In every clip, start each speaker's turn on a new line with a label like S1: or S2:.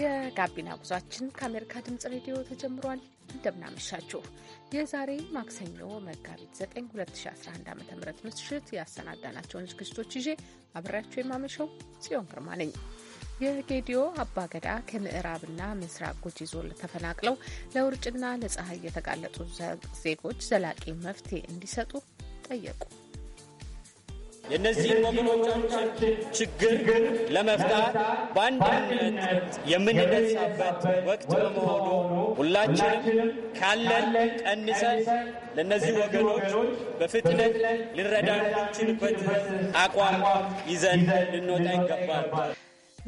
S1: የጋቢና ጉዟችን ከአሜሪካ ድምጽ ሬዲዮ ተጀምሯል። እንደምናመሻችሁ የዛሬ ማክሰኞ መጋቢት 9 2011 ዓ ም ምሽት ያሰናዳናቸውን ዝግጅቶች ይዤ አብሬያቸው የማመሸው ጽዮን ግርማ ነኝ። የጌዲዮ አባገዳ ከምዕራብና ምስራቅ ጉጂ ዞን ተፈናቅለው ለውርጭና ለፀሐይ የተጋለጡ ዜጎች ዘላቂ መፍትሄ እንዲሰጡ ጠየቁ።
S2: የእነዚህን ወገኖቻችን ችግር ለመፍታት በአንድነት የምንነሳበት ወቅት በመሆኑ ሁላችንም ካለን ቀንሰን ለእነዚህ ወገኖች በፍጥነት ልንረዳ የምንችልበት አቋም ይዘን ልንወጣ ይገባል።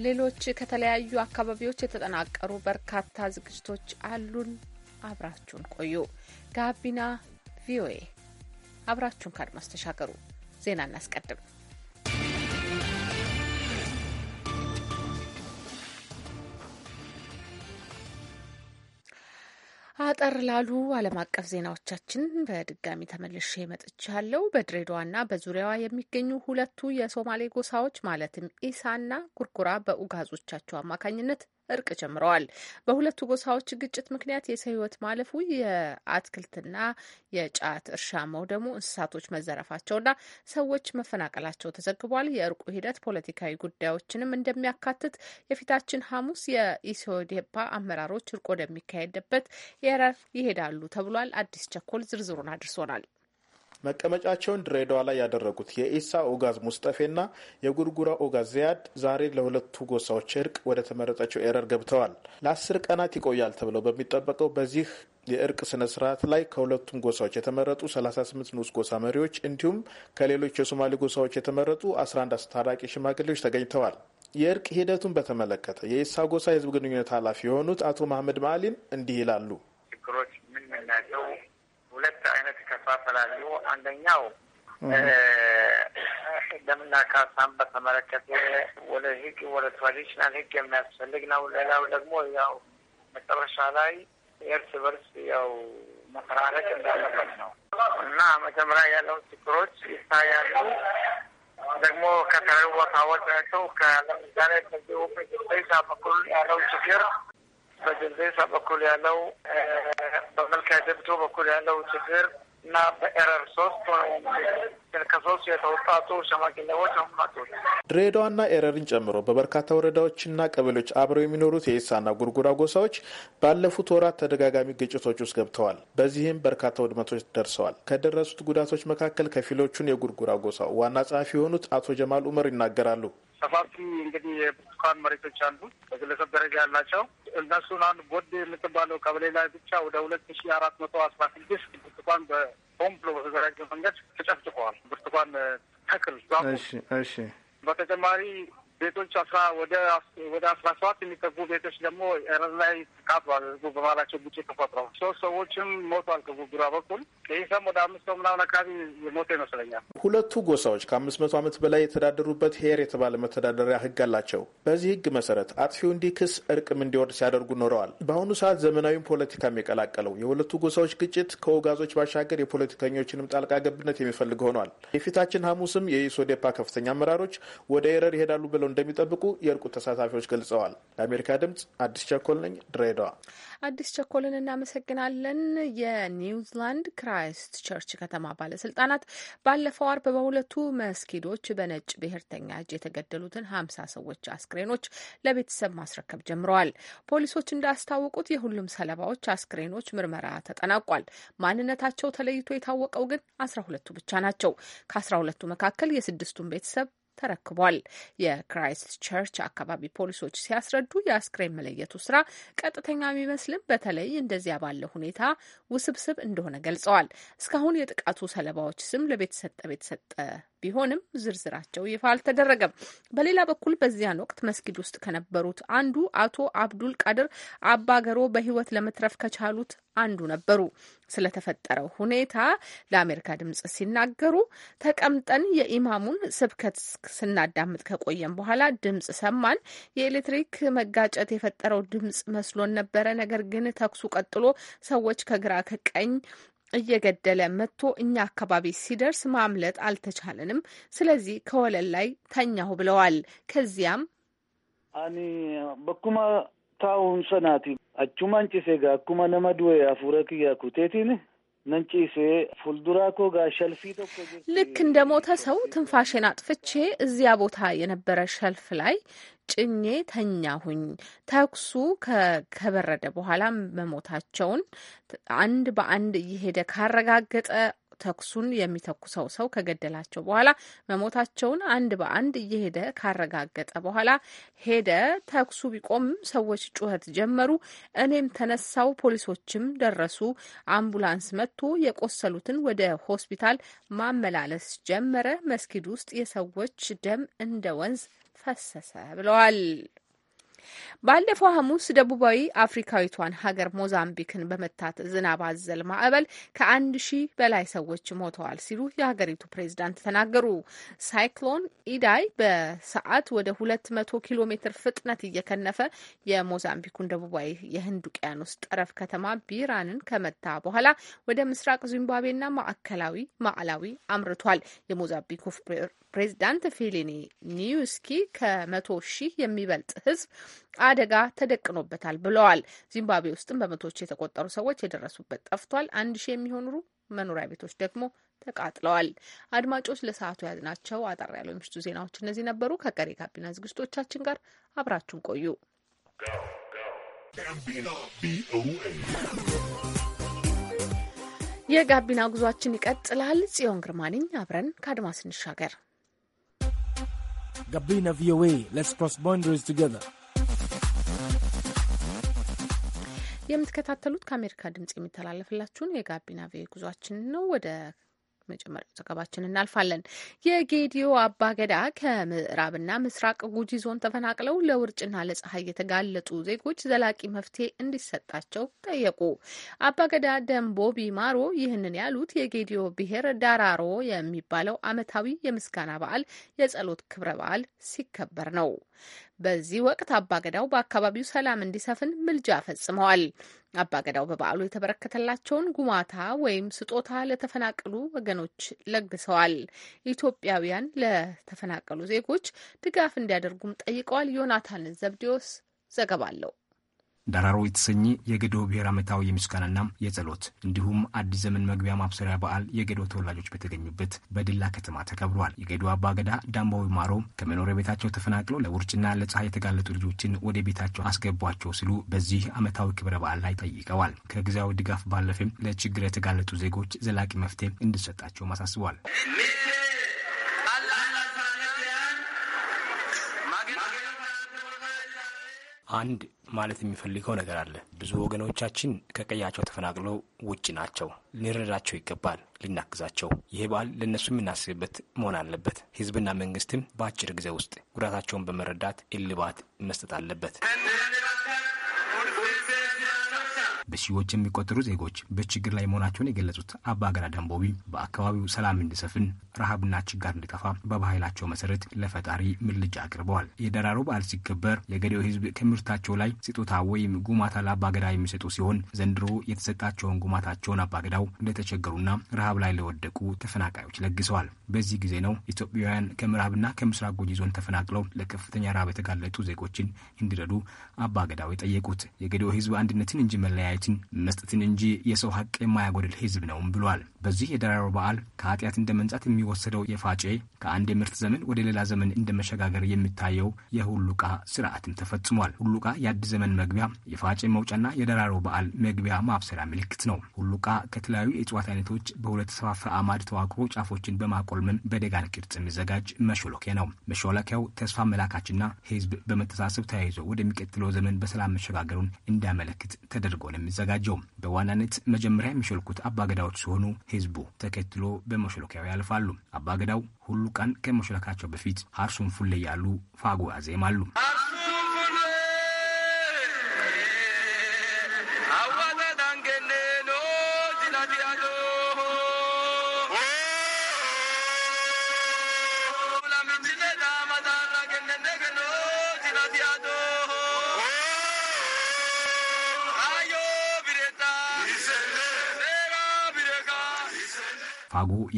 S1: ሌሎች ከተለያዩ አካባቢዎች የተጠናቀሩ በርካታ ዝግጅቶች አሉን። አብራችሁን ቆዩ። ጋቢና ቪኦኤ አብራችሁን ካድማስ ተሻገሩ። ዜና እናስቀድም። አጠር ላሉ ዓለም አቀፍ ዜናዎቻችን በድጋሚ ተመልሼ መጥቻለሁ። በድሬዳዋና በዙሪያዋ የሚገኙ ሁለቱ የሶማሌ ጎሳዎች ማለትም ኢሳና ጉርጉራ በኡጋዞቻቸው አማካኝነት እርቅ ጀምረዋል። በሁለቱ ጎሳዎች ግጭት ምክንያት የሰው ህይወት ማለፉ፣ የአትክልትና የጫት እርሻ መውደሙ፣ እንስሳቶች መዘረፋቸውና ሰዎች መፈናቀላቸው ተዘግቧል። የእርቁ ሂደት ፖለቲካዊ ጉዳዮችንም እንደሚያካትት የፊታችን ሐሙስ የኢሶዴፓ አመራሮች እርቅ ወደሚካሄድበት የረር ይሄዳሉ ተብሏል። አዲስ ቸኮል ዝርዝሩን አድርሶናል።
S3: መቀመጫቸውን ድሬዳዋ ላይ ያደረጉት የኢሳ ኦጋዝ ሙስጠፌና የጉርጉራ ኦጋዝ ዚያድ ዛሬ ለሁለቱ ጎሳዎች እርቅ ወደ ተመረጠችው ኤረር ገብተዋል። ለአስር ቀናት ይቆያል ተብለው በሚጠበቀው በዚህ የእርቅ ስነ ስርዓት ላይ ከሁለቱም ጎሳዎች የተመረጡ 38 ንዑስ ጎሳ መሪዎች እንዲሁም ከሌሎች የሶማሌ ጎሳዎች የተመረጡ 11 አስታራቂ ሽማግሌዎች ተገኝተዋል። የእርቅ ሂደቱን በተመለከተ የኢሳ ጎሳ የህዝብ ግንኙነት ኃላፊ የሆኑት አቶ መሀመድ ማሊን እንዲህ ይላሉ።
S4: ችግሮች ምን ምን ናቸው? ሁለት ይከፋፈላሉ። አንደኛው ደምና ካሳን በተመለከተ ወደ ህግ ወደ ትራዲሽናል ህግ የሚያስፈልግ ነው። ሌላው ደግሞ ያው መጨረሻ ላይ የእርስ በርስ ያው መፈራረቅ እንዳለበት ነው እና መጀመሪያ ያለውን ችግሮች ይታያሉ። ደግሞ ከተለያዩ ቦታዎች ናቸው። ለምሳሌ በዚሁ በጅንዴሳ በኩል ያለው ችግር በጅንዴሳ በኩል ያለው በመልካ ደብቶ በኩል ያለው ችግር እና በኤረር ሶስት
S3: ድሬዳዋና ኤረርን ጨምሮ በበርካታ ወረዳዎችና ቀበሌዎች አብረው የሚኖሩት የኢሳና ጉርጉራ ጎሳዎች ባለፉት ወራት ተደጋጋሚ ግጭቶች ውስጥ ገብተዋል። በዚህም በርካታ ውድመቶች ደርሰዋል። ከደረሱት ጉዳቶች መካከል ከፊሎቹን የጉርጉራ ጎሳ ዋና ጸሐፊ የሆኑት አቶ ጀማል ኡመር ይናገራሉ።
S4: ሰፋፊ እንግዲህ የብርቱካን መሬቶች አሉ በግለሰብ ደረጃ ያላቸው እነሱን አንድ ቦድ የምትባለው ቀበሌ ላይ ብቻ ወደ ሁለት ሺ አራት መቶ አስራ ስድስት ብርቱካን በሆም ብሎ በተዘጋጀ መንገድ ተጨፍጭፈዋል። ብርቱካን ተክል እሺ እሺ በተጨማሪ ቤቶች አስራ ወደ ወደ አስራ ሰባት የሚጠጉ ቤቶች ደግሞ ረዝ ላይ ጥቃት ባደረጉ በባላቸው ግጭት ሶስት ሰዎችም ሞቷል። ከጉጉራ በኩል ይህ ወደ አምስት ሰው ምናምን አካባቢ የሞተ ይመስለኛል።
S3: ሁለቱ ጎሳዎች ከአምስት መቶ ዓመት በላይ የተዳደሩበት ሄር የተባለ መተዳደሪያ ህግ አላቸው። በዚህ ህግ መሰረት አጥፊው እንዲክስ እርቅም እንዲወርድ ሲያደርጉ ኖረዋል። በአሁኑ ሰዓት ዘመናዊም ፖለቲካም የቀላቀለው የሁለቱ ጎሳዎች ግጭት ከውጋዞች ባሻገር የፖለቲከኞችንም ጣልቃ ገብነት የሚፈልግ ሆኗል። የፊታችን ሐሙስም የኢሶዴፓ ከፍተኛ አመራሮች ወደ ኤረር ይሄዳሉ ብለው እንደሚጠብቁ የእርቁ ተሳታፊዎች ገልጸዋል። ለአሜሪካ ድምጽ አዲስ ቸኮል ነኝ ድሬዳዋ።
S1: አዲስ ቸኮልን እናመሰግናለን። የኒውዚላንድ ክራይስት ቸርች ከተማ ባለስልጣናት ባለፈው አርብ በሁለቱ መስጊዶች በነጭ ብሔርተኛ እጅ የተገደሉትን ሀምሳ ሰዎች አስክሬኖች ለቤተሰብ ማስረከብ ጀምረዋል። ፖሊሶች እንዳስታወቁት የሁሉም ሰለባዎች አስክሬኖች ምርመራ ተጠናቋል። ማንነታቸው ተለይቶ የታወቀው ግን አስራ ሁለቱ ብቻ ናቸው። ከአስራ ሁለቱ መካከል የስድስቱን ቤተሰብ ተረክቧል። የክራይስት ቸርች አካባቢ ፖሊሶች ሲያስረዱ የአስክሬን መለየቱ ስራ ቀጥተኛ ቢመስልም በተለይ እንደዚያ ባለ ሁኔታ ውስብስብ እንደሆነ ገልጸዋል። እስካሁን የጥቃቱ ሰለባዎች ስም ለቤተሰጠ ቤተሰጠ ቢሆንም ዝርዝራቸው ይፋ አልተደረገም። በሌላ በኩል በዚያን ወቅት መስጊድ ውስጥ ከነበሩት አንዱ አቶ አብዱል ቃድር አባገሮ በህይወት ለመትረፍ ከቻሉት አንዱ ነበሩ። ስለተፈጠረው ሁኔታ ለአሜሪካ ድምጽ ሲናገሩ ተቀምጠን የኢማሙን ስብከት ስናዳምጥ ከቆየን በኋላ ድምጽ ሰማን። የኤሌክትሪክ መጋጨት የፈጠረው ድምጽ መስሎን ነበረ። ነገር ግን ተኩሱ ቀጥሎ ሰዎች ከግራ ከቀኝ እየገደለ መጥቶ እኛ አካባቢ ሲደርስ ማምለጥ አልተቻለንም። ስለዚህ ከወለል ላይ ተኛሁ ብለዋል። ከዚያም
S4: አኒ በኩማ ታውን ሰናቲ አቹማን ጭሴጋ አኩማ ነመድወ አፉረክያ ኩቴቲን
S1: ልክ እንደ ሞተ ሰው ትንፋሽን አጥፍቼ እዚያ ቦታ የነበረ ሸልፍ ላይ ጭኜ ተኛሁኝ። ተኩሱ ከበረደ በኋላ መሞታቸውን አንድ በአንድ እየሄደ ካረጋገጠ ተኩሱን የሚተኩሰው ሰው ከገደላቸው በኋላ መሞታቸውን አንድ በአንድ እየሄደ ካረጋገጠ በኋላ ሄደ። ተኩሱ ቢቆምም ሰዎች ጩኸት ጀመሩ። እኔም ተነሳው፣ ፖሊሶችም ደረሱ። አምቡላንስ መጥቶ የቆሰሉትን ወደ ሆስፒታል ማመላለስ ጀመረ። መስጊድ ውስጥ የሰዎች ደም እንደ ወንዝ ፈሰሰ ብለዋል። ባለፈው ሐሙስ ደቡባዊ አፍሪካዊቷን ሀገር ሞዛምቢክን በመታት ዝናብ አዘል ማዕበል ከአንድ ሺህ በላይ ሰዎች ሞተዋል ሲሉ የሀገሪቱ ፕሬዚዳንት ተናገሩ። ሳይክሎን ኢዳይ በሰዓት ወደ ሁለት መቶ ኪሎ ሜትር ፍጥነት እየከነፈ የሞዛምቢኩን ደቡባዊ የህንድ ውቅያኖስ ጠረፍ ከተማ ቢራንን ከመታ በኋላ ወደ ምስራቅ ዚምባብዌና ማዕከላዊ ማዕላዊ አምርቷል። የሞዛምቢኩ ፕሬዚዳንት ፌሊኒ ኒውስኪ ከመቶ ሺህ የሚበልጥ ህዝብ አደጋ ተደቅኖበታል ብለዋል። ዚምባብዌ ውስጥም በመቶዎች የተቆጠሩ ሰዎች የደረሱበት ጠፍቷል። አንድ ሺህ የሚሆኑ መኖሪያ ቤቶች ደግሞ ተቃጥለዋል። አድማጮች ለሰዓቱ ያዝናቸው አጠር ያለው የምሽቱ ዜናዎች እነዚህ ነበሩ። ከቀሪ ጋቢና ዝግጅቶቻችን ጋር አብራችሁን ቆዩ። የጋቢና ጉዟችን ይቀጥላል። ጽዮን ግርማ ነኝ። አብረን ከአድማስ እንሻገር።
S5: ጋቢና ቪኦኤ ሌትስ ክሮስ ቦንደሪስ ቱጌዘር
S1: የምትከታተሉት ከአሜሪካ ድምጽ የሚተላለፍላችሁን የጋቢና ቪ ጉዟችን ነው። ወደ መጀመሪያው ዘገባችን እናልፋለን። የጌዲዮ አባገዳ ከምዕራብና ምስራቅ ጉጂ ዞን ተፈናቅለው ለውርጭና ለፀሐይ የተጋለጡ ዜጎች ዘላቂ መፍትሄ እንዲሰጣቸው ጠየቁ። አባገዳ ደንቦ ቢማሮ ይህንን ያሉት የጌዲዮ ብሔር ዳራሮ የሚባለው ዓመታዊ የምስጋና በዓል የጸሎት ክብረ በዓል ሲከበር ነው። በዚህ ወቅት አባገዳው በአካባቢው ሰላም እንዲሰፍን ምልጃ ፈጽመዋል። አባገዳው በበዓሉ የተበረከተላቸውን ጉማታ ወይም ስጦታ ለተፈናቀሉ ወገኖች ለግሰዋል። ኢትዮጵያውያን ለተፈናቀሉ ዜጎች ድጋፍ እንዲያደርጉም ጠይቀዋል። ዮናታን ዘብዲዎስ ዘገባ አለው።
S6: ዳራሮ የተሰኘ የገዶ ብሔር ዓመታዊ የምስጋናና የጸሎት እንዲሁም አዲስ ዘመን መግቢያ ማብሰሪያ በዓል የገዶ ተወላጆች በተገኙበት በድላ ከተማ ተከብሯል። የገዶ አባገዳ ዳምባዊ ማሮ ከመኖሪያ ቤታቸው ተፈናቅለው ለውርጭና ለፀሐይ የተጋለጡ ልጆችን ወደ ቤታቸው አስገቧቸው ሲሉ በዚህ ዓመታዊ ክብረ በዓል ላይ ጠይቀዋል። ከጊዜያዊ ድጋፍ ባለፈም ለችግር የተጋለጡ ዜጎች ዘላቂ መፍትሄ እንዲሰጣቸውም አሳስቧል። አንድ ማለት የሚፈልገው ነገር አለ። ብዙ ወገኖቻችን ከቀያቸው ተፈናቅለው ውጭ ናቸው። ሊረዳቸው ይገባል፣ ሊናግዛቸው። ይህ በዓል ለእነሱ የምናስብበት መሆን አለበት። ህዝብና መንግስትም በአጭር ጊዜ ውስጥ ጉዳታቸውን በመረዳት እልባት መስጠት አለበት። በሺዎች የሚቆጠሩ ዜጎች በችግር ላይ መሆናቸውን የገለጹት አባገዳ ደንቦቢ በአካባቢው ሰላም እንዲሰፍን ረሃብና ችጋር እንዲጠፋ በባህላቸው መሰረት ለፈጣሪ ምልጃ አቅርበዋል። የደራሮ በዓል ሲከበር የገዴው ሕዝብ ከምርታቸው ላይ ስጦታ ወይም ጉማታ ለአባገዳ የሚሰጡ ሲሆን ዘንድሮ የተሰጣቸውን ጉማታቸውን አባገዳው ለተቸገሩና ረሃብ ላይ ለወደቁ ተፈናቃዮች ለግሰዋል። በዚህ ጊዜ ነው ኢትዮጵያውያን ከምዕራብና ከምስራቅ ጉጂ ዞን ተፈናቅለው ለከፍተኛ ረሃብ የተጋለጡ ዜጎችን እንዲረዱ አባገዳው የጠየቁት። የገዴው ሕዝብ አንድነትን እንጂ መለያየ አስተያየትን መስጠትን እንጂ የሰው ሀቅ የማያጎድል ህዝብ ነውም ብሏል። በዚህ የደራሮ በዓል ከኃጢአት እንደ መንጻት የሚወሰደው የፋጬ ከአንድ የምርት ዘመን ወደ ሌላ ዘመን እንደ መሸጋገር የሚታየው የሁሉቃ ስርዓትም ተፈጽሟል። ሁሉቃ የአዲስ ዘመን መግቢያ፣ የፋጬ መውጫና የደራሮ በዓል መግቢያ ማብሰሪያ ምልክት ነው። ሁሉቃ ከተለያዩ የእጽዋት አይነቶች በሁለት ሰፋፍ አማድ ተዋቅሮ ጫፎችን በማቆልመም በደጋን ቅርጽ የሚዘጋጅ መሾለኪያ ነው። መሾለኪያው ተስፋ መላካችና ህዝብ በመተሳሰብ ተያይዞ ወደሚቀጥለው ዘመን በሰላም መሸጋገሩን እንዲያመለክት ተደርጎ ነው የሚዘጋጀው። በዋናነት መጀመሪያ የሚሸልኩት አባገዳዎች ሲሆኑ ህዝቡ ተከትሎ በመሾለኪያው ያልፋሉ። አባገዳው ሁሉ ቀን ከመሸለካቸው በፊት ሀርሱን ፉሌ ያሉ ፋጉ ያዜማሉ።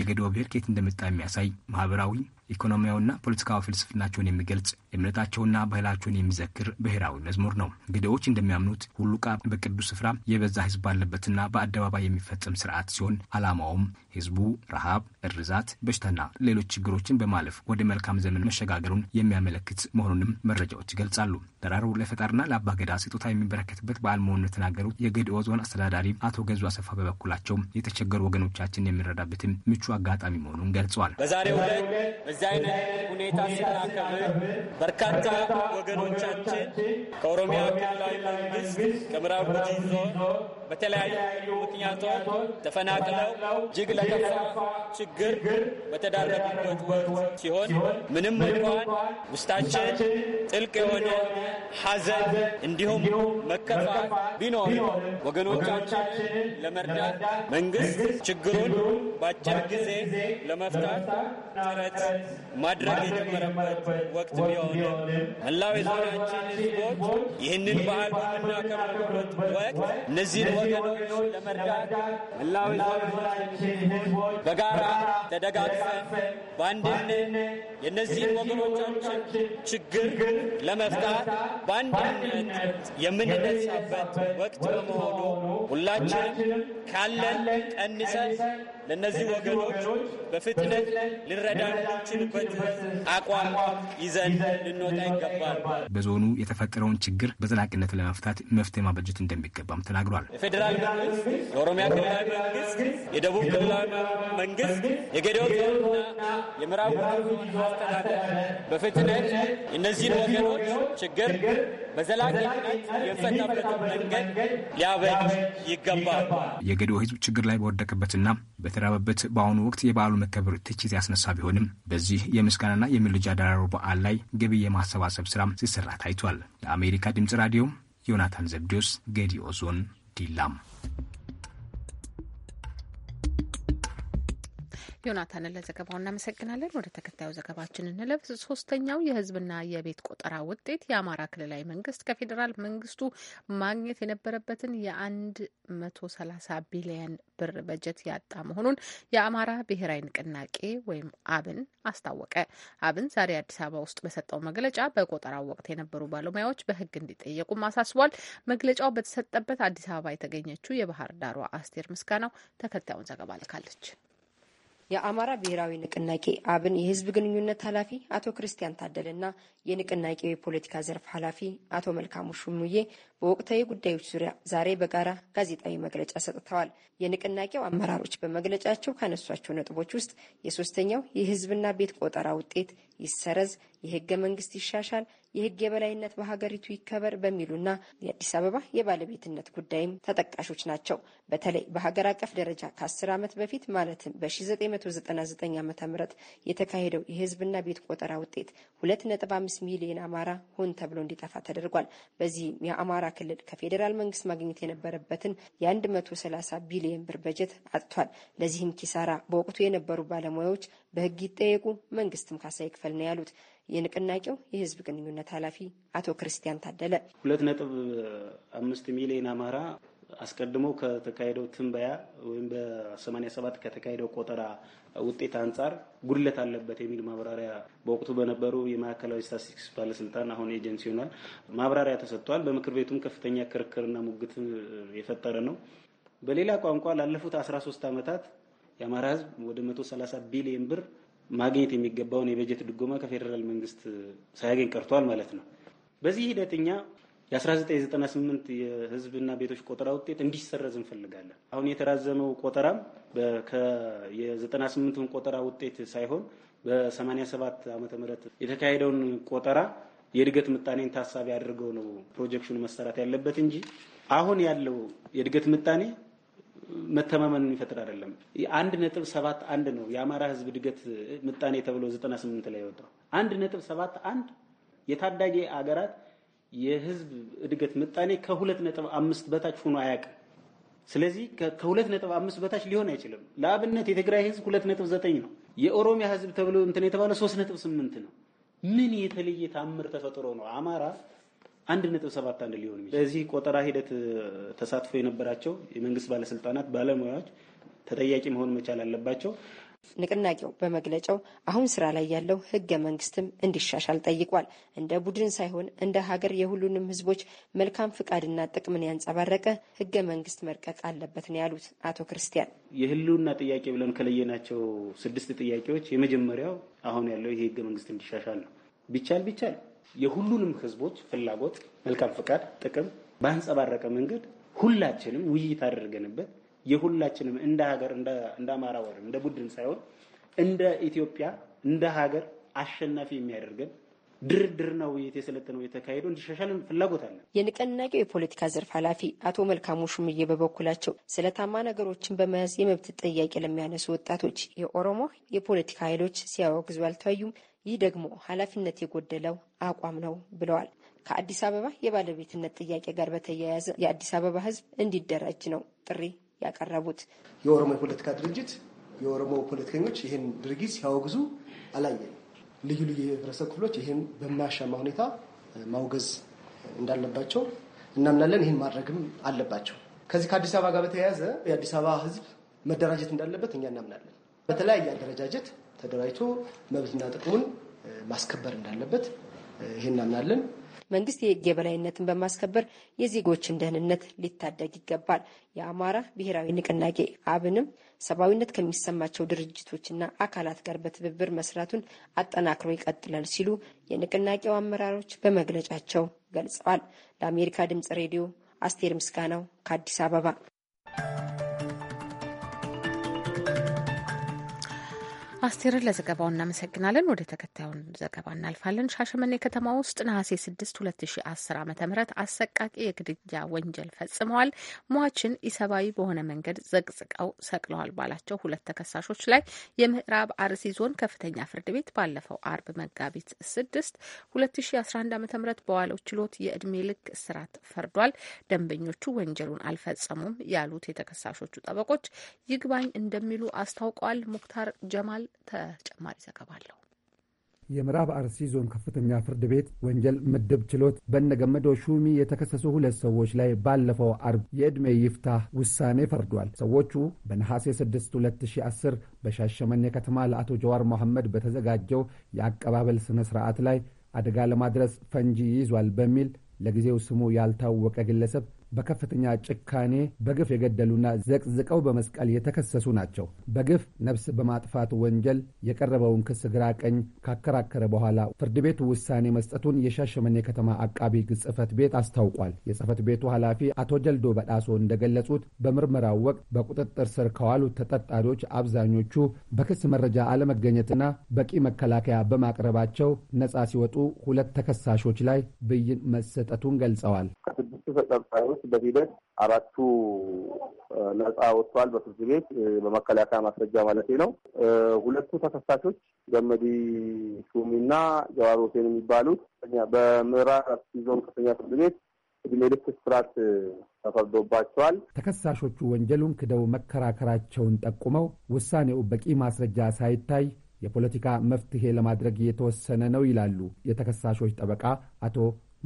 S6: የገድ ብሔር ከየት እንደመጣ የሚያሳይ ማህበራዊ ኢኮኖሚያዊና ፖለቲካዊ ፍልስፍናቸውን የሚገልጽ እምነታቸውና ባህላቸውን የሚዘክር ብሔራዊ መዝሙር ነው። ግዴዎች እንደሚያምኑት ሁሉ ቃ በቅዱስ ስፍራ የበዛ ህዝብ ባለበትና በአደባባይ የሚፈጸም ስርዓት ሲሆን ዓላማውም ህዝቡ ረሃብ፣ እርዛት፣ በሽታና ሌሎች ችግሮችን በማለፍ ወደ መልካም ዘመን መሸጋገሩን የሚያመለክት መሆኑንም መረጃዎች ይገልጻሉ። ተራሩ ለፈጣርና ለአባ ገዳ ስጦታ የሚበረከትበት በዓል መሆኑን የተናገሩት የገዲኦ ዞን አስተዳዳሪ አቶ ገዙ አሰፋ በበኩላቸው የተቸገሩ ወገኖቻችን የሚረዳበትም ምቹ አጋጣሚ መሆኑን ገልጿል። በዛሬው
S2: ዕለት በዚህ አይነት ሁኔታ ስናከብር በርካታ ወገኖቻችን ከኦሮሚያ ክልላዊ መንግስት ከምዕራብ ጉጂ ዞን በተለያዩ ምክንያቶች ተፈናቅለው እጅግ ለከፋ ችግር በተዳረጉበት ወቅት ሲሆን ምንም እንኳን ውስጣችን ጥልቅ የሆነ ሐዘን እንዲሁም መከፋት ቢኖር ወገኖቻችን ለመርዳት መንግስት ችግሩን በአጭር ጊዜ ለመፍታት ጥረት ማድረግ የጀመረበት ወቅት ቢሆን መላው የዞናችን ህዝቦች ይህንን በዓል በምናከብርበት ወቅት እነዚህን ወገኖች ለመርዳት መላው ሕዝቦች በጋራ ተደጋግፈን በአንድነት የእነዚህን ወገኖቻችን ችግር ለመፍታት በአንድነት የምንነሳበት ወቅት በመሆኑ ሁላችንም ካለን ቀንሰን ለእነዚህ ወገኖች በፍጥነት ልንረዳ የምንችልበት አቋም ይዘን ልንወጣ ይገባል።
S6: በዞኑ የተፈጠረውን ችግር በዘላቂነት ለመፍታት መፍትሄ ማበጀት እንደሚገባም ተናግሯል። የፌዴራል
S2: መንግስት፣ የኦሮሚያ ክልላዊ መንግስት፣ የደቡብ ክልላዊ መንግስት፣ የጌዴኦ ዞንና የምዕራብ አስተዳደር በፍጥነት እነዚህን ወገኖች ችግር በዘላቂነት የፈታበትን መንገድ ሊያበጅ
S6: ይገባል። የገዶ ህዝብ ችግር ላይ በወደቀበትና በተራበበት በአሁኑ ወቅት የበዓሉ መከበር ትችት ያስነሳ ቢሆንም በዚህ የምስጋናና የምልጃ ዳራሮ በዓል ላይ ገቢ የማሰባሰብ ስራ ሲሰራ ታይቷል። ለአሜሪካ ድምፅ ራዲዮ ዮናታን ዘብዲዮስ ገዲኦ ዞን ዲላም
S1: ዮናታንን ለዘገባው እናመሰግናለን። ወደ ተከታዩ ዘገባችን እንለፍ። ሶስተኛው የህዝብና የቤት ቆጠራ ውጤት የአማራ ክልላዊ መንግስት ከፌዴራል መንግስቱ ማግኘት የነበረበትን የአንድ መቶ ሰላሳ ቢሊየን ብር በጀት ያጣ መሆኑን የአማራ ብሔራዊ ንቅናቄ ወይም አብን አስታወቀ። አብን ዛሬ አዲስ አበባ ውስጥ በሰጠው መግለጫ በቆጠራው ወቅት የነበሩ ባለሙያዎች በህግ እንዲጠየቁም አሳስቧል። መግለጫው በተሰጠበት አዲስ አበባ የተገኘችው የባህር ዳሯ አስቴር ምስጋናው ተከታዩን ዘገባ ልካለች።
S7: የአማራ ብሔራዊ ንቅናቄ አብን የህዝብ ግንኙነት ኃላፊ አቶ ክርስቲያን ታደለና የንቅናቄው የፖለቲካ ዘርፍ ኃላፊ አቶ መልካሙ ሹሙዬ በወቅታዊ ጉዳዮች ዙሪያ ዛሬ በጋራ ጋዜጣዊ መግለጫ ሰጥተዋል። የንቅናቄው አመራሮች በመግለጫቸው ካነሷቸው ነጥቦች ውስጥ የሶስተኛው የህዝብና ቤት ቆጠራ ውጤት ይሰረዝ፣ የህገ መንግስት ይሻሻል፣ የህግ የበላይነት በሀገሪቱ ይከበር በሚሉና የአዲስ አበባ የባለቤትነት ጉዳይም ተጠቃሾች ናቸው። በተለይ በሀገር አቀፍ ደረጃ ከአስር ዓመት በፊት ማለትም በ1999 ዓ ም የተካሄደው የህዝብና ቤት ቆጠራ ውጤት 2.5 ሚሊዮን አማራ ሆን ተብሎ እንዲጠፋ ተደርጓል። በዚህም የአማራ ክልል ከፌዴራል መንግስት ማግኘት የነበረበትን የ130 ቢሊዮን ብር በጀት አጥቷል። ለዚህም ኪሳራ በወቅቱ የነበሩ ባለሙያዎች በህግ ይጠየቁ፣ መንግስትም ካሳ ይክፈል ነው ያሉት የንቅናቄው የህዝብ ግንኙነት ኃላፊ አቶ ክርስቲያን ታደለ።
S8: ሁለት ነጥብ አምስት ሚሊዮን አማራ አስቀድሞ ከተካሄደው ትንበያ ወይም በ87 ከተካሄደው ቆጠራ ውጤት አንጻር ጉድለት አለበት የሚል ማብራሪያ በወቅቱ በነበሩ የማዕከላዊ ስታቲስቲክስ ባለስልጣን አሁን ኤጀንሲ ሆኗል ማብራሪያ ተሰጥቷል። በምክር ቤቱም ከፍተኛ ክርክርና ሙግት የፈጠረ ነው። በሌላ ቋንቋ ላለፉት አስራ ሶስት ዓመታት የአማራ ህዝብ ወደ መቶ ሰላሳ ቢሊዮን ብር ማግኘት የሚገባውን የበጀት ድጎማ ከፌዴራል መንግስት ሳያገኝ ቀርቷል ማለት ነው። በዚህ ሂደት እኛ የ1998 የህዝብና ቤቶች ቆጠራ ውጤት እንዲሰረዝ እንፈልጋለን። አሁን የተራዘመው ቆጠራም የ98ን ቆጠራ ውጤት ሳይሆን በ87 ዓመተ ምህረት የተካሄደውን ቆጠራ የእድገት ምጣኔን ታሳቢ አድርገው ነው ፕሮጀክሽኑ መሰራት ያለበት እንጂ አሁን ያለው የእድገት ምጣኔ መተማመንን የሚፈጥር አይደለም። አንድ ነጥብ ሰባት አንድ ነው የአማራ ህዝብ እድገት ምጣኔ ተብሎ ዘጠና ስምንት ላይ የወጣው አንድ ነጥብ ሰባት አንድ የታዳጊ አገራት የህዝብ እድገት ምጣኔ ከሁለት ነጥብ አምስት በታች ሆኖ አያውቅም። ስለዚህ ከሁለት ነጥብ አምስት በታች ሊሆን አይችልም። ለአብነት የትግራይ ህዝብ ሁለት ነጥብ ዘጠኝ ነው። የኦሮሚያ ህዝብ ተብሎ እንትን የተባለ ሶስት ነጥብ ስምንት ነው። ምን የተለየ ታምር ተፈጥሮ ነው አማራ አንድ ነጥብ ሰባት አንድ ሊሆን የሚችል በዚህ ቆጠራ ሂደት ተሳትፎ የነበራቸው የመንግስት ባለስልጣናት፣ ባለሙያዎች ተጠያቂ መሆን መቻል አለባቸው።
S7: ንቅናቄው በመግለጫው አሁን ስራ ላይ ያለው ህገ መንግስትም እንዲሻሻል ጠይቋል። እንደ ቡድን ሳይሆን እንደ ሀገር የሁሉንም ህዝቦች መልካም ፍቃድና ጥቅምን ያንጸባረቀ ህገ መንግስት መርቀቅ አለበት ነው ያሉት አቶ ክርስቲያን።
S8: የህልውና ጥያቄ ብለን ከለየናቸው ስድስት ጥያቄዎች የመጀመሪያው አሁን ያለው ይህ ህገ መንግስት እንዲሻሻል ነው። ቢቻል ቢቻል የሁሉንም ህዝቦች ፍላጎት፣ መልካም ፈቃድ፣ ጥቅም ባንጸባረቀ መንገድ ሁላችንም ውይይት አደረገንበት የሁላችንም እንደ ሀገር እንደ አማራ ወር እንደ ቡድን ሳይሆን እንደ ኢትዮጵያ እንደ ሀገር አሸናፊ የሚያደርገን ድርድርና ውይይት የሰለጠነው የተካሄዱ እንዲሻሻልን ፍላጎት አለ።
S7: የንቅናቄው የፖለቲካ ዘርፍ ኃላፊ አቶ መልካሙ ሹምዬ በበኩላቸው ስለታማ ነገሮችን በመያዝ የመብት ጥያቄ ለሚያነሱ ወጣቶች የኦሮሞ የፖለቲካ ኃይሎች ሲያወግዙ አልተወዩም። ይህ ደግሞ ኃላፊነት የጎደለው አቋም ነው ብለዋል። ከአዲስ አበባ የባለቤትነት ጥያቄ ጋር በተያያዘ የአዲስ አበባ ሕዝብ እንዲደራጅ ነው ጥሪ ያቀረቡት።
S8: የኦሮሞ የፖለቲካ ድርጅት የኦሮሞ ፖለቲከኞች ይህን ድርጊት ሲያወግዙ አላየን። ልዩ ልዩ የህብረተሰብ ክፍሎች ይህን በማያሻማ ሁኔታ ማውገዝ እንዳለባቸው እናምናለን። ይህን ማድረግም አለባቸው። ከዚህ ከአዲስ አበባ ጋር በተያያዘ የአዲስ አበባ ህዝብ መደራጀት እንዳለበት እኛ እናምናለን። በተለያየ አደረጃጀት ተደራጅቶ መብትና ጥቅሙን ማስከበር እንዳለበት ይህን እናምናለን።
S7: መንግስት የህግ የበላይነትን በማስከበር የዜጎችን ደህንነት ሊታደግ ይገባል። የአማራ ብሔራዊ ንቅናቄ አብንም ሰብአዊነት ከሚሰማቸው ድርጅቶችና አካላት ጋር በትብብር መስራቱን አጠናክሮ ይቀጥላል ሲሉ የንቅናቄው አመራሮች በመግለጫቸው ገልጸዋል። ለአሜሪካ ድምጽ ሬዲዮ አስቴር ምስጋናው ከአዲስ አበባ አስቴርን
S1: ለዘገባው እናመሰግናለን። ወደ ተከታዩን ዘገባ እናልፋለን። ሻሸመኔ ከተማ ውስጥ ነሐሴ 6 2010 ዓ ም አሰቃቂ የግድያ ወንጀል ፈጽመዋል፣ ሟችን ኢሰብአዊ በሆነ መንገድ ዘቅዝቀው ሰቅለዋል ባላቸው ሁለት ተከሳሾች ላይ የምዕራብ አርሲ ዞን ከፍተኛ ፍርድ ቤት ባለፈው አርብ መጋቢት 6 2011 ዓ ም በዋለው ችሎት የዕድሜ ልክ እስራት ፈርዷል። ደንበኞቹ ወንጀሉን አልፈጸሙም ያሉት የተከሳሾቹ ጠበቆች ይግባኝ እንደሚሉ አስታውቀዋል። ሙክታር ጀማል ተጨማሪ ዘገባ አለው።
S9: የምዕራብ አርሲ ዞን ከፍተኛ ፍርድ ቤት ወንጀል ምድብ ችሎት በነገመዶ ሹሚ የተከሰሱ ሁለት ሰዎች ላይ ባለፈው አርብ የዕድሜ ይፍታህ ውሳኔ ፈርዷል። ሰዎቹ በነሐሴ 6 2010 በሻሸመኔ ከተማ ለአቶ ጀዋር መሐመድ በተዘጋጀው የአቀባበል ሥነ ሥርዓት ላይ አደጋ ለማድረስ ፈንጂ ይዟል በሚል ለጊዜው ስሙ ያልታወቀ ግለሰብ በከፍተኛ ጭካኔ በግፍ የገደሉና ዘቅዝቀው በመስቀል የተከሰሱ ናቸው። በግፍ ነፍስ በማጥፋት ወንጀል የቀረበውን ክስ ግራ ቀኝ ካከራከረ በኋላ ፍርድ ቤቱ ውሳኔ መስጠቱን የሻሸመኔ ከተማ አቃቢ ሕግ ጽሕፈት ቤት አስታውቋል። የጽሕፈት ቤቱ ኃላፊ አቶ ጀልዶ በጣሶ እንደገለጹት በምርመራው ወቅት በቁጥጥር ስር ከዋሉት ተጠርጣሪዎች አብዛኞቹ በክስ መረጃ አለመገኘትና በቂ መከላከያ በማቅረባቸው ነጻ ሲወጡ ሁለት ተከሳሾች ላይ ብይን መሰጠቱን ገልጸዋል።
S4: ከስድስቱ ተጠርጣሪዎች ሂደት በሂደት አራቱ ነጻ ወጥቷል በፍርድ ቤት በመከላከያ ማስረጃ ማለት ነው። ሁለቱ ተከሳሾች ገመዲ ሱሚና ጀዋር ሁሴን የሚባሉት በምዕራብ አርሲ ዞን ከፍተኛ ፍርድ ቤት እድሜ ልክ እስራት ተፈርዶባቸዋል።
S9: ተከሳሾቹ ወንጀሉን ክደው መከራከራቸውን ጠቁመው ውሳኔው በቂ ማስረጃ ሳይታይ የፖለቲካ መፍትሄ ለማድረግ የተወሰነ ነው ይላሉ የተከሳሾች ጠበቃ አቶ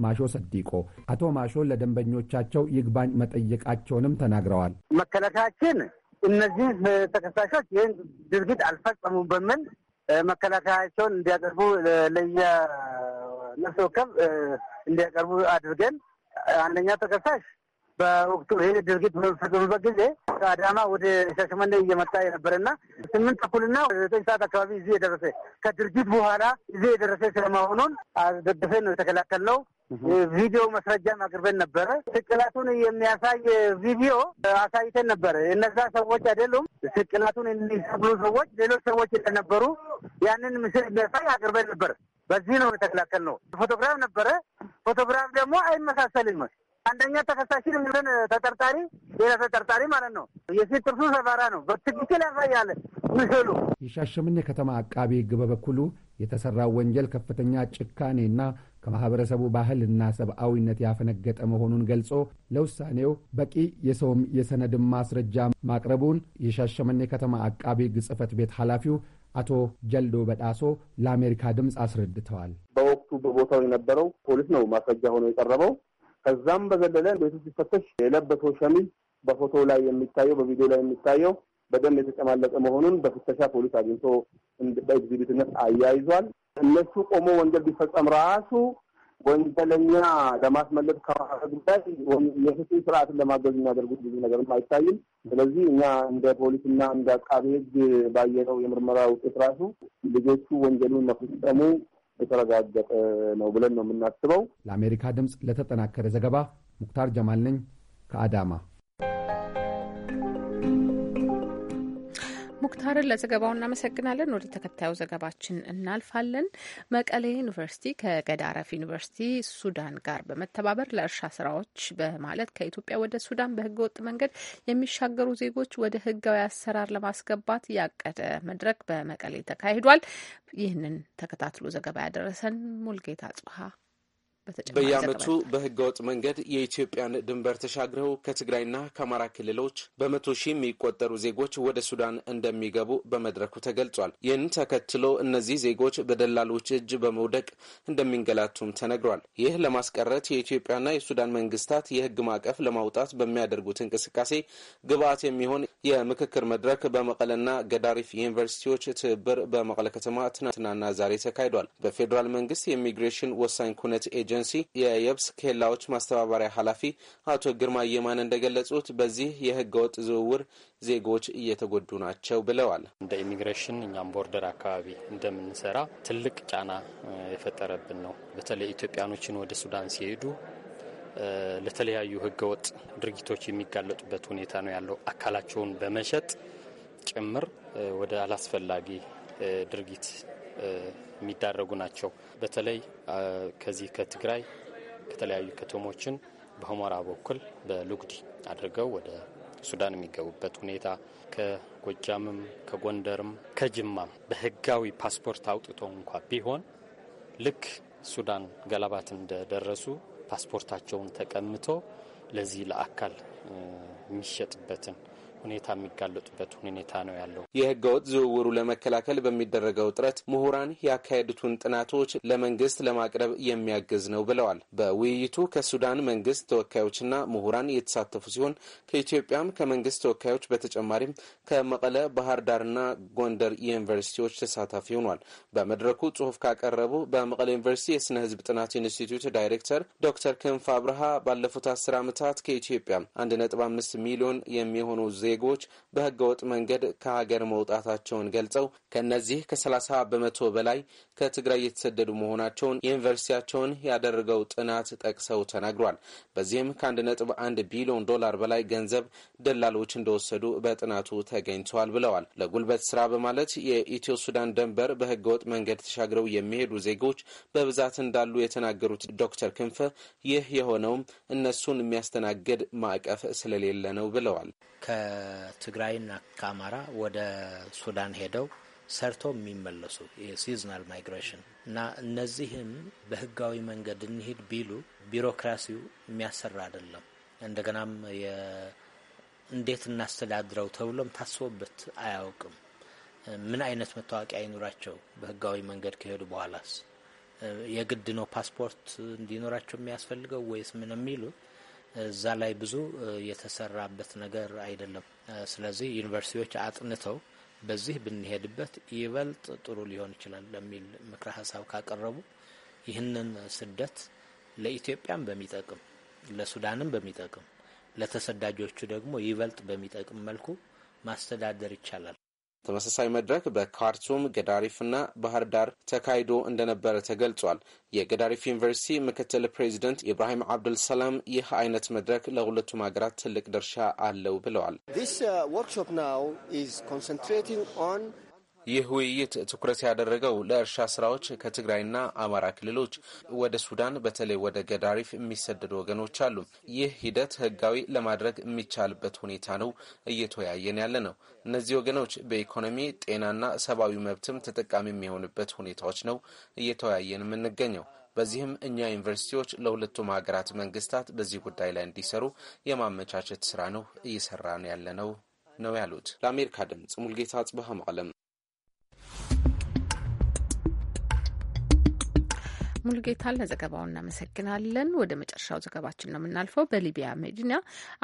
S9: ማሾ ሰዲቆ አቶ ማሾ ለደንበኞቻቸው ይግባኝ መጠየቃቸውንም ተናግረዋል።
S4: መከላከያችን እነዚህ ተከሳሾች ይህን ድርጊት አልፈጸሙም በምን መከላከያቸውን እንዲያቀርቡ ለየ ወከፍ እንዲያቀርቡ አድርገን አንደኛ ተከሳሽ በወቅቱ ይህ ድርጊት በሚፈጸሙበት ጊዜ ከአዳማ ወደ ሻሸመኔ እየመጣ የነበረና ስምንት ተኩልና ዘጠኝ ሰዓት አካባቢ እዚህ የደረሰ ከድርጊት በኋላ እዚህ የደረሰ ስለመሆኑን አስደግፈን ነው የተከላከልነው። ቪዲዮ መስረጃም አቅርበን ነበረ። ስቅላቱን የሚያሳይ ቪዲዮ አሳይተን ነበረ። እነዛ ሰዎች አይደሉም ስቅላቱን የሚሰብሉ ሰዎች ሌሎች ሰዎች እንደነበሩ ያንን ምስል የሚያሳይ አቅርበን ነበር በዚህ ነው የተከላከል ነው። ፎቶግራፍ ነበረ። ፎቶግራፍ ደግሞ አይመሳሰልም። አንደኛ ተከሳሽን ምን ተጠርጣሪ ሌላ ተጠርጣሪ ማለት ነው። የሴት ጥርሱ ሰባራ ነው በትክክል ያሳያል
S9: ምስሉ። የሻሸምኔ ከተማ አቃቢ ሕግ በበኩሉ የተሰራው ወንጀል ከፍተኛ ጭካኔና ከማኅበረሰቡ ባህልና ሰብአዊነት ያፈነገጠ መሆኑን ገልጾ ለውሳኔው በቂ የሰውም የሰነድም ማስረጃ ማቅረቡን የሻሸመኔ ከተማ አቃቢ ሕግ ጽሕፈት ቤት ኃላፊው አቶ ጀልዶ በጣሶ ለአሜሪካ ድምፅ አስረድተዋል።
S4: በወቅቱ በቦታው የነበረው ፖሊስ ነው ማስረጃ ሆኖ የቀረበው። ከዛም በዘለለ ቤቱ ሲፈተሽ የለበሰው ሸሚዝ በፎቶ ላይ የሚታየው በቪዲዮ ላይ የሚታየው በደም የተጨማለቀ መሆኑን በፍተሻ ፖሊስ አግኝቶ በኤግዚቢትነት አያይዟል። እነሱ ቆሞ ወንጀል ቢፈጸም ራሱ ወንጀለኛ ለማስመለጥ ከማድረግ ላይ የፍትህ ስርዓትን ለማገዝ የሚያደርጉት ብዙ ነገርም አይታይም። ስለዚህ እኛ እንደ ፖሊስና እንደ አቃቤ ሕግ ባየነው የምርመራ ውጤት ራሱ ልጆቹ ወንጀሉን መፈጸሙ የተረጋገጠ ነው ብለን ነው የምናስበው።
S9: ለአሜሪካ ድምፅ ለተጠናከረ ዘገባ ሙክታር ጀማል ነኝ ከአዳማ።
S1: ሙክታርን ለዘገባው እናመሰግናለን። ወደ ተከታዩ ዘገባችን እናልፋለን። መቀሌ ዩኒቨርሲቲ ከገዳረፍ ዩኒቨርሲቲ ሱዳን ጋር በመተባበር ለእርሻ ስራዎች በማለት ከኢትዮጵያ ወደ ሱዳን በህገወጥ መንገድ የሚሻገሩ ዜጎች ወደ ህጋዊ አሰራር ለማስገባት ያቀደ መድረክ በመቀሌ ተካሂዷል። ይህንን ተከታትሎ ዘገባ ያደረሰን ሙልጌታ ጽሀ በየዓመቱ
S10: በህገወጥ መንገድ የኢትዮጵያን ድንበር ተሻግረው ከትግራይና ከአማራ ክልሎች በመቶ ሺህ የሚቆጠሩ ዜጎች ወደ ሱዳን እንደሚገቡ በመድረኩ ተገልጿል። ይህን ተከትሎ እነዚህ ዜጎች በደላሎች እጅ በመውደቅ እንደሚንገላቱም ተነግሯል። ይህ ለማስቀረት የኢትዮጵያና የሱዳን መንግስታት የህግ ማዕቀፍ ለማውጣት በሚያደርጉት እንቅስቃሴ ግብአት የሚሆን የምክክር መድረክ በመቀለና ገዳሪፍ ዩኒቨርሲቲዎች ትብብር በመቀለ ከተማ ትናንትናና ዛሬ ተካሂዷል። በፌዴራል መንግስት የኢሚግሬሽን ወሳኝ ኩነት ኤጀንሲ ኤጀንሲ የየብስ ኬላዎች ማስተባበሪያ ኃላፊ አቶ ግርማ የማን እንደገለጹት በዚህ የህገ ወጥ ዝውውር ዜጎች እየተጎዱ ናቸው ብለዋል። እንደ ኢሚግሬሽን እኛም ቦርደር አካባቢ
S2: እንደምንሰራ ትልቅ ጫና የፈጠረብን ነው። በተለይ ኢትዮጵያኖችን ወደ ሱዳን ሲሄዱ ለተለያዩ ህገወጥ ድርጊቶች የሚጋለጡበት ሁኔታ ነው ያለው። አካላቸውን በመሸጥ ጭምር ወደ አላስፈላጊ ድርጊት የሚዳረጉ ናቸው። በተለይ ከዚህ ከትግራይ ከተለያዩ ከተሞችን በሁመራ በኩል በሉግዲ አድርገው ወደ ሱዳን የሚገቡበት ሁኔታ ከጎጃምም፣ ከጎንደርም፣ ከጅማም በህጋዊ ፓስፖርት አውጥቶ እንኳ ቢሆን ልክ ሱዳን ገላባት እንደደረሱ ፓስፖርታቸውን ተቀምቶ ለዚህ ለአካል የሚሸጥበትን ሁኔታ የሚጋለጡበት ሁኔታ ነው ያለው።
S10: የህገወጥ ዝውውሩ ለመከላከል በሚደረገው ጥረት ምሁራን ያካሄዱትን ጥናቶች ለመንግስት ለማቅረብ የሚያግዝ ነው ብለዋል። በውይይቱ ከሱዳን መንግስት ተወካዮችና ምሁራን የተሳተፉ ሲሆን ከኢትዮጵያም ከመንግስት ተወካዮች በተጨማሪም ከመቀለ፣ ባህር ዳርና ጎንደር ዩኒቨርሲቲዎች ተሳታፊ ሆኗል። በመድረኩ ጽሁፍ ካቀረቡ በመቀለ ዩኒቨርሲቲ የስነ ህዝብ ጥናት ኢንስቲትዩት ዳይሬክተር ዶክተር ክንፍ አብርሃ ባለፉት አስር ዓመታት ከኢትዮጵያ አንድ ነጥብ አምስት ሚሊዮን የሚሆኑ ዜ ዜጎች በህገወጥ መንገድ ከሀገር መውጣታቸውን ገልጸው ከእነዚህ 30 በመቶ በላይ ከትግራይ የተሰደዱ መሆናቸውን ዩኒቨርሲቲያቸውን ያደረገው ጥናት ጠቅሰው ተናግሯል። በዚህም ከ ነጥብ አንድ ቢሊዮን ዶላር በላይ ገንዘብ ደላሎች እንደወሰዱ በጥናቱ ተገኝተዋል ብለዋል። ለጉልበት ስራ በማለት የኢትዮ ሱዳን ድንበር በህገወጥ መንገድ ተሻግረው የሚሄዱ ዜጎች በብዛት እንዳሉ የተናገሩት ዶክተር ክንፈ ይህ የሆነውም እነሱን የሚያስተናግድ ማዕቀፍ ስለሌለ ነው ብለዋል።
S6: ከትግራይና ከአማራ ወደ ሱዳን ሄደው ሰርተው የሚመለሱ የሲዝናል ማይግሬሽን እና እነዚህም በህጋዊ መንገድ እንሂድ ቢሉ ቢሮክራሲው የሚያሰራ አይደለም። እንደገናም እንዴት እናስተዳድረው ተብሎም ታስቦበት አያውቅም። ምን አይነት መታወቂያ አይኖራቸው በህጋዊ መንገድ ከሄዱ በኋላስ የግድ ነው ፓስፖርት እንዲኖራቸው የሚያስፈልገው ወይስ ምን የሚሉ እዛ ላይ ብዙ የተሰራበት ነገር አይደለም። ስለዚህ ዩኒቨርሲቲዎች አጥንተው በዚህ ብንሄድበት ይበልጥ ጥሩ ሊሆን ይችላል ለሚል ምክረ ሀሳብ ካቀረቡ ይህንን ስደት ለኢትዮጵያም በሚጠቅም ለሱዳንም በሚጠቅም ለተሰዳጆቹ ደግሞ ይበልጥ በሚጠቅም መልኩ ማስተዳደር ይቻላል
S10: ተመሳሳይ መድረክ በካርቱም ገዳሪፍና ባህር ዳር ተካሂዶ እንደነበረ ተገልጿል። የገዳሪፍ ዩኒቨርሲቲ ምክትል ፕሬዚደንት ኢብራሂም አብዱልሰላም ይህ አይነት መድረክ ለሁለቱም ሀገራት ትልቅ ድርሻ አለው ብለዋል። uh, ይህ ውይይት ትኩረት ያደረገው ለእርሻ ስራዎች ከትግራይና አማራ ክልሎች ወደ ሱዳን በተለይ ወደ ገዳሪፍ የሚሰደዱ ወገኖች አሉ። ይህ ሂደት ህጋዊ ለማድረግ የሚቻልበት ሁኔታ ነው እየተወያየን ያለ ነው። እነዚህ ወገኖች በኢኮኖሚ ጤናና ሰብአዊ መብትም ተጠቃሚ የሚሆንበት ሁኔታዎች ነው እየተወያየን የምንገኘው። በዚህም እኛ ዩኒቨርሲቲዎች ለሁለቱም ሀገራት መንግስታት በዚህ ጉዳይ ላይ እንዲሰሩ የማመቻቸት ስራ ነው እየሰራን ያለ ነው ነው ያሉት። ለአሜሪካ ድምፅ ሙልጌታ አጽበሃ መቀለም
S1: ሙልጌታን ለዘገባው እናመሰግናለን። ወደ መጨረሻው ዘገባችን ነው የምናልፈው። በሊቢያ መዲና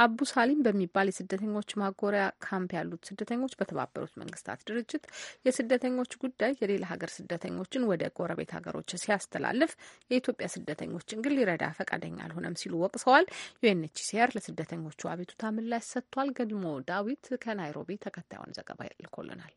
S1: አቡ ሳሊም በሚባል የስደተኞች ማጎሪያ ካምፕ ያሉት ስደተኞች በተባበሩት መንግስታት ድርጅት የስደተኞች ጉዳይ የሌላ ሀገር ስደተኞችን ወደ ጎረቤት ሀገሮች ሲያስተላልፍ የኢትዮጵያ ስደተኞችን ግን ሊረዳ ፈቃደኛ አልሆነም ሲሉ ወቅሰዋል። ዩኤንኤችሲአር ለስደተኞቹ አቤቱታ ምላሽ ሰጥቷል። ገድሞ ዳዊት ከናይሮቢ ተከታዩን ዘገባ ልኮልናል።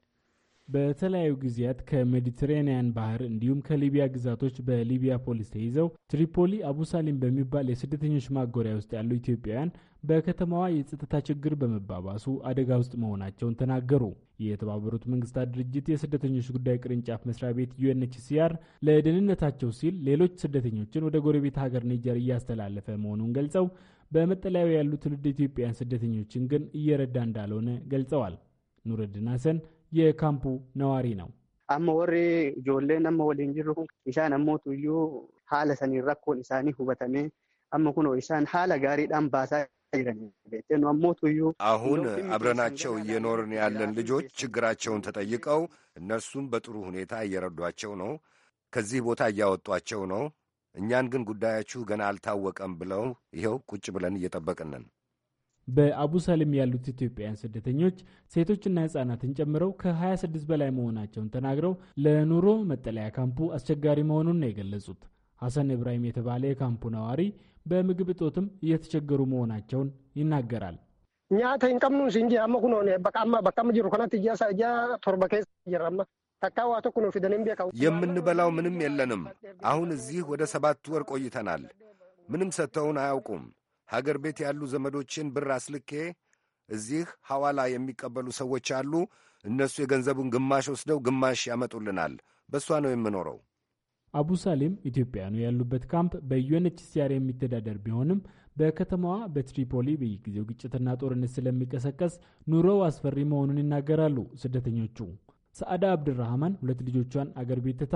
S5: በተለያዩ ጊዜያት ከሜዲትሬንያን ባህር እንዲሁም ከሊቢያ ግዛቶች በሊቢያ ፖሊስ ተይዘው ትሪፖሊ አቡሳሊም በሚባል የስደተኞች ማጎሪያ ውስጥ ያሉ ኢትዮጵያውያን በከተማዋ የጸጥታ ችግር በመባባሱ አደጋ ውስጥ መሆናቸውን ተናገሩ። የተባበሩት መንግስታት ድርጅት የስደተኞች ጉዳይ ቅርንጫፍ መስሪያ ቤት ዩኤንኤችሲአር ለደህንነታቸው ሲል ሌሎች ስደተኞችን ወደ ጎረቤት ሀገር ኒጀር እያስተላለፈ መሆኑን ገልጸው በመጠለያው ያሉ ትውልድ ኢትዮጵያውያን ስደተኞችን ግን እየረዳ እንዳልሆነ ገልጸዋል። ኑረድን ሀሰን የካምፑ ነዋሪ ነው።
S8: አመ ወር ጆሌን ነመ ወሊን ጅሩ ኢሳን አሞቱ ዩ ሀለ ሰኒ ረኮን ኢሳኒ ሁበተሜ አመ ኩኖ ኢሳን ሀለ ዳን ባሳ አሁን
S9: አብረናቸው እየኖርን ያለን ልጆች ችግራቸውን ተጠይቀው እነርሱም በጥሩ ሁኔታ እየረዷቸው ነው። ከዚህ ቦታ እያወጧቸው ነው። እኛን ግን ጉዳያችሁ ገና አልታወቀም ብለው ይኸው ቁጭ ብለን እየጠበቅንን
S5: በአቡሰልም ያሉት ኢትዮጵያውያን ስደተኞች ሴቶችና ህጻናትን ጨምረው ከ26 በላይ መሆናቸውን ተናግረው ለኑሮ መጠለያ ካምፑ አስቸጋሪ መሆኑን ነው የገለጹት። ሐሰን እብራሂም የተባለ የካምፑ ነዋሪ በምግብ እጦትም እየተቸገሩ መሆናቸውን ይናገራል። ኛተ ንቀምኑ
S8: ሲንጂ አመ በቃማ በቃም ጅሩ ከናት እያሳ እያ ቶርበ ተካዋቶ ኩኖ ፊደንም ቤካ የምንበላው
S9: ምንም የለንም። አሁን እዚህ ወደ ሰባት ወር ቆይተናል። ምንም ሰጥተውን አያውቁም። ሀገር ቤት ያሉ ዘመዶችን ብር አስልኬ እዚህ ሐዋላ የሚቀበሉ ሰዎች አሉ። እነሱ የገንዘቡን ግማሽ ወስደው ግማሽ ያመጡልናል። በእሷ ነው የምኖረው።
S5: አቡ ሳሌም ኢትዮጵያኑ ያሉበት ካምፕ በዩኤንኤችሲአር የሚተዳደር ቢሆንም በከተማዋ በትሪፖሊ በየጊዜው ግጭትና ጦርነት ስለሚቀሰቀስ ኑሮው አስፈሪ መሆኑን ይናገራሉ ስደተኞቹ። ሰዓዳ አብድራህማን ሁለት ልጆቿን አገር ቤት ትታ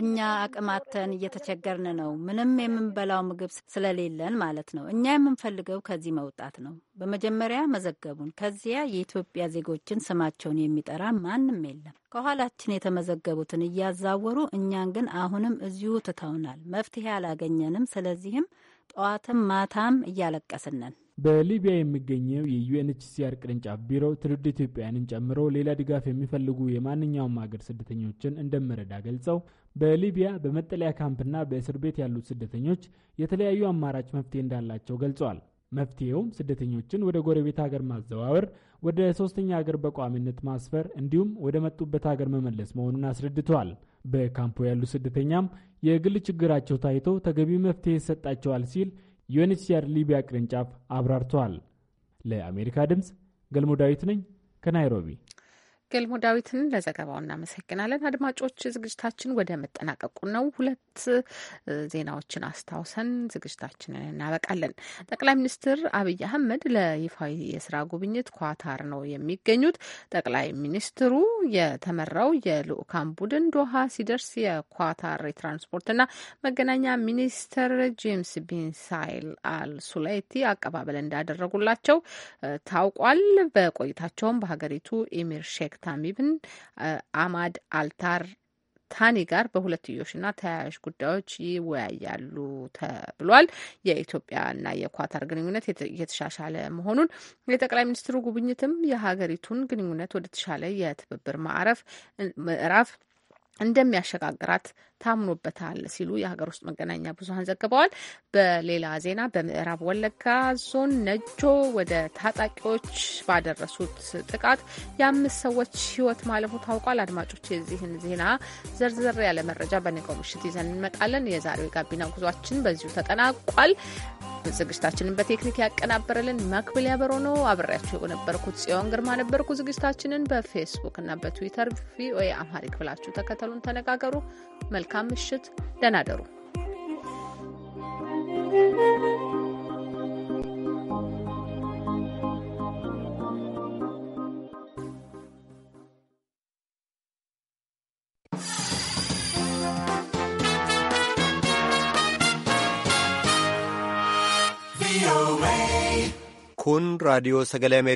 S7: እኛ አቅማተን እየተቸገርን ነው። ምንም የምንበላው ምግብ ስለሌለን ማለት ነው። እኛ የምንፈልገው ከዚህ መውጣት ነው። በመጀመሪያ መዘገቡን፣ ከዚያ የኢትዮጵያ ዜጎችን ስማቸውን የሚጠራ ማንም የለም። ከኋላችን የተመዘገቡትን እያዛወሩ እኛን ግን አሁንም እዚሁ ትተውናል። መፍትሄ አላገኘንም። ስለዚህም ጠዋትም ማታም እያለቀስነን
S5: በሊቢያ የሚገኘው የዩኤንኤችሲአር ቅርንጫፍ ቢሮ ትውልድ ኢትዮጵያውያንን ጨምሮ ሌላ ድጋፍ የሚፈልጉ የማንኛውም ሀገር ስደተኞችን እንደመረዳ ገልጸው በሊቢያ በመጠለያ ካምፕና በእስር ቤት ያሉት ስደተኞች የተለያዩ አማራጭ መፍትሄ እንዳላቸው ገልጸዋል። መፍትሄውም ስደተኞችን ወደ ጎረቤት ሀገር ማዘዋወር፣ ወደ ሶስተኛ ሀገር በቋሚነት ማስፈር እንዲሁም ወደ መጡበት ሀገር መመለስ መሆኑን አስረድተዋል። በካምፖ ያሉ ስደተኛም የግል ችግራቸው ታይቶ ተገቢ መፍትሄ ይሰጣቸዋል ሲል ዩኤንኤችሲአር ሊቢያ ቅርንጫፍ አብራርተዋል። ለአሜሪካ ድምፅ ገልሞ ዳዊት ነኝ ከናይሮቢ
S1: ገልሞ ዳዊትን ለዘገባው እናመሰግናለን። አድማጮች ዝግጅታችን ወደ መጠናቀቁ ነው። ሁለት ዜናዎችን አስታውሰን ዝግጅታችንን እናበቃለን። ጠቅላይ ሚኒስትር አብይ አህመድ ለይፋዊ የስራ ጉብኝት ኳታር ነው የሚገኙት። ጠቅላይ ሚኒስትሩ የተመራው የልኡካን ቡድን ዶሃ ሲደርስ የኳታር የትራንስፖርትና መገናኛ ሚኒስትር ጄምስ ቢንሳይል አል ሱላይቲ አቀባበል እንዳደረጉላቸው ታውቋል። በቆይታቸውም በሀገሪቱ ኢሚር ሼክ ታሚብን አማድ አልታር ታኒ ጋር በሁለትዮሽና ተያያዥ ጉዳዮች ይወያያሉ ተብሏል። የኢትዮጵያና የኳታር ግንኙነት እየተሻሻለ መሆኑን የጠቅላይ ሚኒስትሩ ጉብኝትም የሀገሪቱን ግንኙነት ወደ ተሻለ የትብብር ማዕረፍ ምዕራፍ እንደሚያሸጋግራት ታምኖበታል ሲሉ የሀገር ውስጥ መገናኛ ብዙኃን ዘግበዋል። በሌላ ዜና በምዕራብ ወለጋ ዞን ነጆ ወደ ታጣቂዎች ባደረሱት ጥቃት የአምስት ሰዎች ሕይወት ማለፉ ታውቋል። አድማጮች የዚህን ዜና ዘርዘር ያለ መረጃ በነገው ምሽት ይዘን እንመጣለን። የዛሬው የጋቢና ጉዟችን በዚሁ ተጠናቋል። ዝግጅታችንን በቴክኒክ ያቀናበረልን መክብል ያበሮ ነው። አብሬያችሁ የነበርኩት ጽዮን ግርማ ነበርኩ። ዝግጅታችንን በፌስቡክ እና በትዊተር ቪኦኤ አማሪክ ብላችሁ ተከተሉ ተከታተሉን፣ ተነጋገሩ። መልካም ምሽት፣ ደህና ደሩ።
S2: Kun Radio